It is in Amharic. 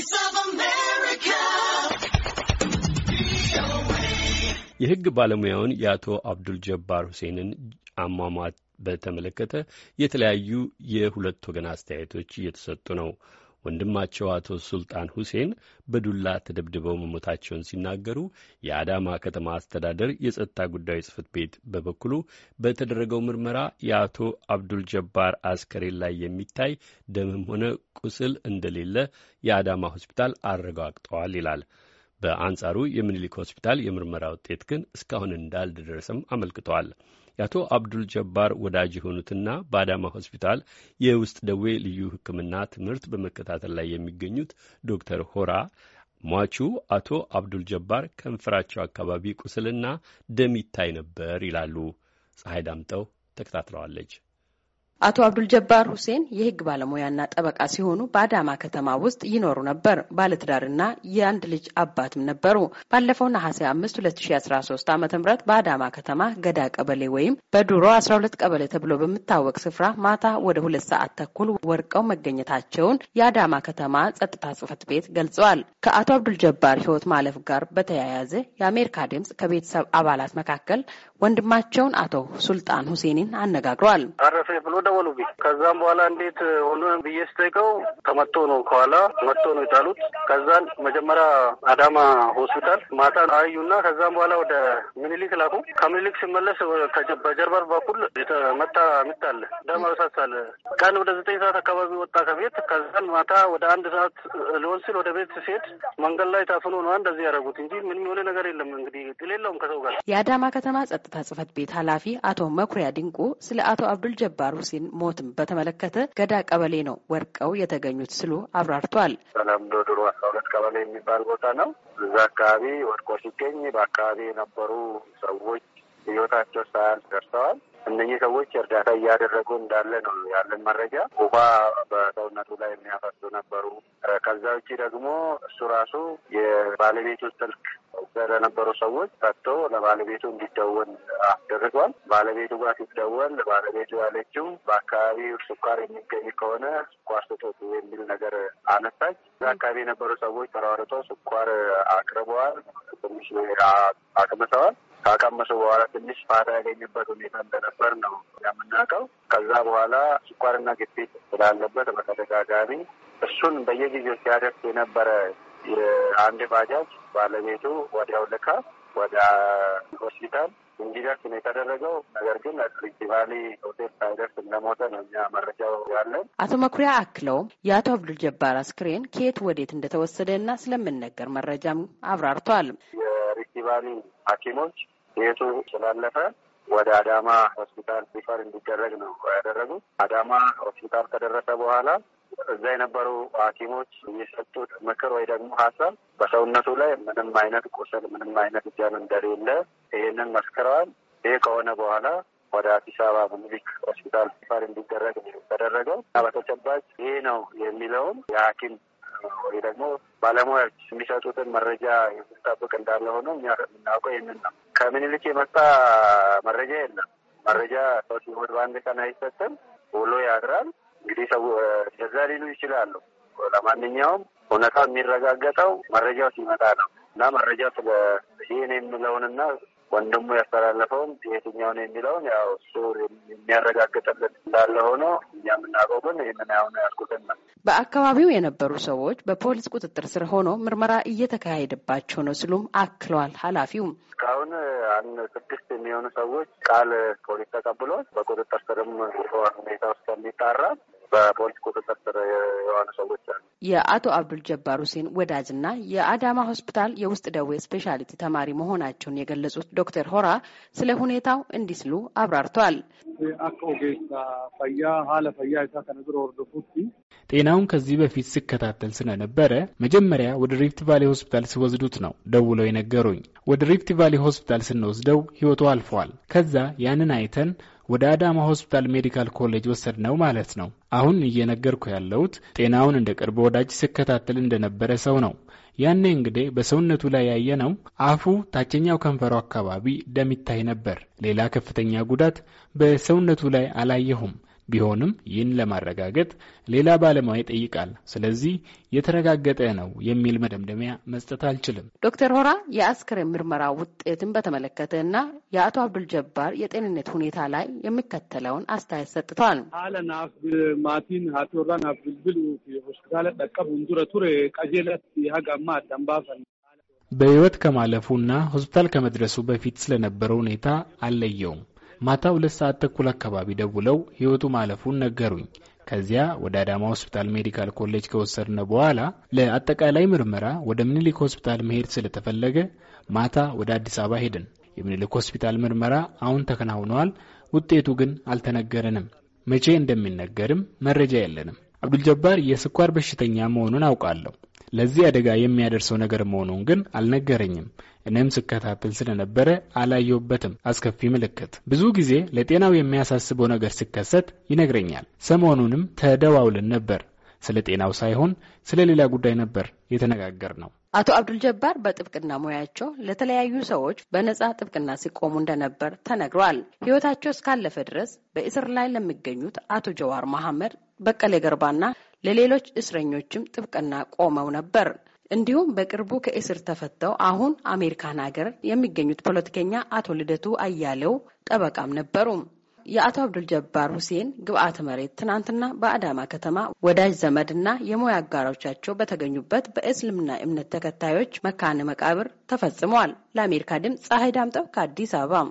Voice of America. የህግ ባለሙያውን የአቶ አብዱል ጀባር ሁሴንን አሟሟት በተመለከተ የተለያዩ የሁለት ወገን አስተያየቶች እየተሰጡ ነው። ወንድማቸው አቶ ሱልጣን ሁሴን በዱላ ተደብድበው መሞታቸውን ሲናገሩ የአዳማ ከተማ አስተዳደር የጸጥታ ጉዳዮች ጽፈት ቤት በበኩሉ በተደረገው ምርመራ የአቶ አብዱል ጀባር አስከሬን ላይ የሚታይ ደምም ሆነ ቁስል እንደሌለ የአዳማ ሆስፒታል አረጋግጠዋል ይላል። በአንጻሩ የምኒልክ ሆስፒታል የምርመራ ውጤት ግን እስካሁን እንዳልደረሰም አመልክተዋል። የአቶ አብዱል ጀባር ወዳጅ የሆኑትና በአዳማ ሆስፒታል የውስጥ ደዌ ልዩ ሕክምና ትምህርት በመከታተል ላይ የሚገኙት ዶክተር ሆራ ሟቹ አቶ አብዱል ጀባር ከንፈራቸው አካባቢ ቁስልና ደም ይታይ ነበር ይላሉ። ፀሐይ ዳምጠው ተከታትለዋለች። አቶ አብዱል ጀባር ሁሴን የህግ ባለሙያና ጠበቃ ሲሆኑ በአዳማ ከተማ ውስጥ ይኖሩ ነበር። ባለትዳርና የአንድ ልጅ አባትም ነበሩ። ባለፈው ነሐሴ አምስት ሁለት ሺ አስራ ሶስት አመተ ምህረት በአዳማ ከተማ ገዳ ቀበሌ ወይም በዱሮ አስራ ሁለት ቀበሌ ተብሎ በሚታወቅ ስፍራ ማታ ወደ ሁለት ሰዓት ተኩል ወርቀው መገኘታቸውን የአዳማ ከተማ ጸጥታ ጽህፈት ቤት ገልጸዋል። ከአቶ አብዱል ጀባር ህይወት ማለፍ ጋር በተያያዘ የአሜሪካ ድምጽ ከቤተሰብ አባላት መካከል ወንድማቸውን አቶ ሱልጣን ሁሴንን አነጋግሯል። አረፈ ብሎ ደወሉብኝ። ከዛም በኋላ እንዴት ሆኖ ብዬ ስጠይቀው ተመቶ ነው ከኋላ መቶ ነው የጣሉት። ከዛን መጀመሪያ አዳማ ሆስፒታል ማታ አዩና ከዛም በኋላ ወደ ሚኒሊክ ላኩ። ከሚኒሊክ ሲመለስ በጀርባ በኩል የተመታ ምት አለ። ደም አበሳሳለ። ቀን ወደ ዘጠኝ ሰዓት አካባቢ ወጣ ከቤት ከዛን ማታ ወደ አንድ ሰዓት ሊሆን ሲል ወደ ቤት ሲሄድ መንገድ ላይ ታፍኖ ነዋ እንደዚህ ያደረጉት እንጂ ምንም የሆነ ነገር የለም። እንግዲህ ጥል የለውም ከሰው ጋር የአዳማ ከተማ ጸጥ የጸጥታ ጽህፈት ቤት ኃላፊ አቶ መኩሪያ ድንቁ ስለ አቶ አብዱል ጀባር ሁሴን ሞትም በተመለከተ ገዳ ቀበሌ ነው ወርቀው የተገኙት ስሉ አብራርቷል። ተለምዶ ድሮ አስራ ሁለት ቀበሌ የሚባል ቦታ ነው። እዛ አካባቢ ወድቆ ሲገኝ በአካባቢ የነበሩ ሰዎች ህይወታቸው ሳያል ደርሰዋል። እነኚህ ሰዎች እርዳታ እያደረጉ እንዳለ ነው ያለን መረጃ። ውሃ በሰውነቱ ላይ የሚያፈሱ ነበሩ። ከዛ ውጭ ደግሞ እሱ ራሱ የባለቤቱ ስልክ ለነበሩ ሰዎች ፈቶ ለባለቤቱ እንዲደወል አስደርጓል። ባለቤቱ ጋር ሲደወል ባለቤቱ ያለችው በአካባቢው ስኳር የሚገኝ ከሆነ ስኳር ስጦት የሚል ነገር አነሳች። እዛ አካባቢ የነበሩ ሰዎች ተሯርጦ ስኳር አቅርበዋል። ትንሽ አቅምሰዋል። ካቀመሱ በኋላ ትንሽ ፋታ ያገኝበት ሁኔታ እንደነበር ነው የምናውቀው። ከዛ በኋላ ስኳርና ግፊት ስላለበት በተደጋጋሚ እሱን በየጊዜው ሲያደርስ የነበረ የአንድ ባጃጅ ባለቤቱ ወዲያው ልካ ወደ ሆስፒታል እንዲደርስ ነው የተደረገው። ነገር ግን ሪቲቫሊ ሆቴል ሳይደርስ እንደሞተ ነው እኛ መረጃው ያለን። አቶ መኩሪያ አክለውም የአቶ አብዱል ጀባር አስክሬን ከየት ወዴት እንደተወሰደ እና ስለምንነገር መረጃም አብራርተዋል። የሪቲቫሊ ሐኪሞች ቤቱ ስላለፈ ወደ አዳማ ሆስፒታል ሪፈር እንዲደረግ ነው ያደረጉት። አዳማ ሆስፒታል ከደረሰ በኋላ እዛ የነበሩ ሐኪሞች የሰጡት ምክር ወይ ደግሞ ሀሳብ በሰውነቱ ላይ ምንም አይነት ቁስል ምንም አይነት ደም እንደሌለ ይህንን መስክረዋል። ይህ ከሆነ በኋላ ወደ አዲስ አበባ ምኒልክ ሆስፒታል ሲፋር እንዲደረግ ተደረገው እና በተጨባጭ ይህ ነው የሚለውን የሐኪም ወይ ደግሞ ባለሙያዎች የሚሰጡትን መረጃ የምንጠብቅ እንዳለ ሆኖ የምናውቀው ይህንን ነው። ከምኒልክ የመጣ መረጃ የለም። መረጃ ሰው ሲሞት በአንድ ቀን አይሰጥም፣ ውሎ ያድራል። እንግዲህ ሰው እንደዛ ሊሉ ይችላሉ። ለማንኛውም እውነታው የሚረጋገጠው መረጃው ሲመጣ ነው እና መረጃው ስለ ይህን የሚለውንና ወንድሙ ያስተላለፈውም የትኛውን የሚለውን ያው እሱ የሚያረጋግጥልን እንዳለ ሆኖ እኛ የምናውቀው ግን ይህንን ያሁን ያልኩትን ነው። በአካባቢው የነበሩ ሰዎች በፖሊስ ቁጥጥር ስር ሆኖ ምርመራ እየተካሄደባቸው ነው ሲሉም አክለዋል ኃላፊውም እስካሁን አንድ ስድስት የሚሆኑ ሰዎች ቃል ፖሊስ ተቀብሏል። በቁጥጥር ስርም ሁኔታ ውስጥ የሚጣራ በፖሊስ ቁጥጥር ስር የዋሉ ሰዎች አሉ። የአቶ አብዱል ጀባር ሁሴን ወዳጅና የአዳማ ሆስፒታል የውስጥ ደዌ ስፔሻሊቲ ተማሪ መሆናቸውን የገለጹት ዶክተር ሆራ ስለ ሁኔታው እንዲህ ሲሉ አብራርተዋል። ጤናውን ከዚህ በፊት ስከታተል ስለነበረ መጀመሪያ ወደ ሪፍት ቫሌ ሆስፒታል ሲወስዱት ነው ደውለው የነገሩኝ። ወደ ሪፍት ቫሌ ሆስፒታል ስንወስደው ህይወቱ አልፈዋል። ከዛ ያንን አይተን ወደ አዳማ ሆስፒታል ሜዲካል ኮሌጅ ወሰድ ነው ማለት ነው። አሁን እየነገርኩ ያለሁት ጤናውን እንደ ቅርብ ወዳጅ ሲከታተል እንደነበረ ሰው ነው። ያኔ እንግዲህ በሰውነቱ ላይ ያየ ነው አፉ፣ ታችኛው ከንፈሩ አካባቢ ደም ይታይ ነበር። ሌላ ከፍተኛ ጉዳት በሰውነቱ ላይ አላየሁም። ቢሆንም ይህን ለማረጋገጥ ሌላ ባለሙያ ይጠይቃል። ስለዚህ የተረጋገጠ ነው የሚል መደምደሚያ መስጠት አልችልም። ዶክተር ሆራ የአስክሬን ምርመራ ውጤትን በተመለከተ እና የአቶ አብዱል ጀባር የጤንነት ሁኔታ ላይ የሚከተለውን አስተያየት ሰጥተዋል። ማቲን ሀቶራን አብዱልብል ሆስፒታል ጠቀብ ዱረ ቱሬ ቀጀለት የሀጋማ አዳምባፈን በህይወት ከማለፉና ሆስፒታል ከመድረሱ በፊት ስለነበረው ሁኔታ አልለየውም። ማታ ሁለት ሰዓት ተኩል አካባቢ ደውለው ህይወቱ ማለፉን ነገሩኝ። ከዚያ ወደ አዳማ ሆስፒታል ሜዲካል ኮሌጅ ከወሰድነ በኋላ ለአጠቃላይ ምርመራ ወደ ምኒልክ ሆስፒታል መሄድ ስለተፈለገ ማታ ወደ አዲስ አበባ ሄድን። የምኒልክ ሆስፒታል ምርመራ አሁን ተከናውነዋል። ውጤቱ ግን አልተነገረንም። መቼ እንደሚነገርም መረጃ የለንም። አብዱልጀባር የስኳር በሽተኛ መሆኑን አውቃለሁ። ለዚህ አደጋ የሚያደርሰው ነገር መሆኑን ግን አልነገረኝም። እኔም ስከታተል ስለነበረ አላየውበትም። አስከፊ ምልክት ብዙ ጊዜ ለጤናው የሚያሳስበው ነገር ሲከሰት ይነግረኛል። ሰሞኑንም ተደዋውልን ነበር። ስለ ጤናው ሳይሆን ስለ ሌላ ጉዳይ ነበር የተነጋገር ነው። አቶ አብዱል ጀባር በጥብቅና ሙያቸው ለተለያዩ ሰዎች በነጻ ጥብቅና ሲቆሙ እንደነበር ተነግረዋል። ሕይወታቸው እስካለፈ ድረስ በእስር ላይ ለሚገኙት አቶ ጀዋር መሐመድ፣ በቀሌ ገርባና ለሌሎች እስረኞችም ጥብቅና ቆመው ነበር። እንዲሁም በቅርቡ ከእስር ተፈተው አሁን አሜሪካን ሀገር የሚገኙት ፖለቲከኛ አቶ ልደቱ አያሌው ጠበቃም ነበሩ። የአቶ አብዱልጀባር ሁሴን ግብአተ መሬት ትናንትና በአዳማ ከተማ ወዳጅ ዘመድና የሙያ አጋሮቻቸው በተገኙበት በእስልምና እምነት ተከታዮች መካነ መቃብር ተፈጽመዋል። ለአሜሪካ ድምፅ ፀሐይ ዳምጠው ከአዲስ አበባ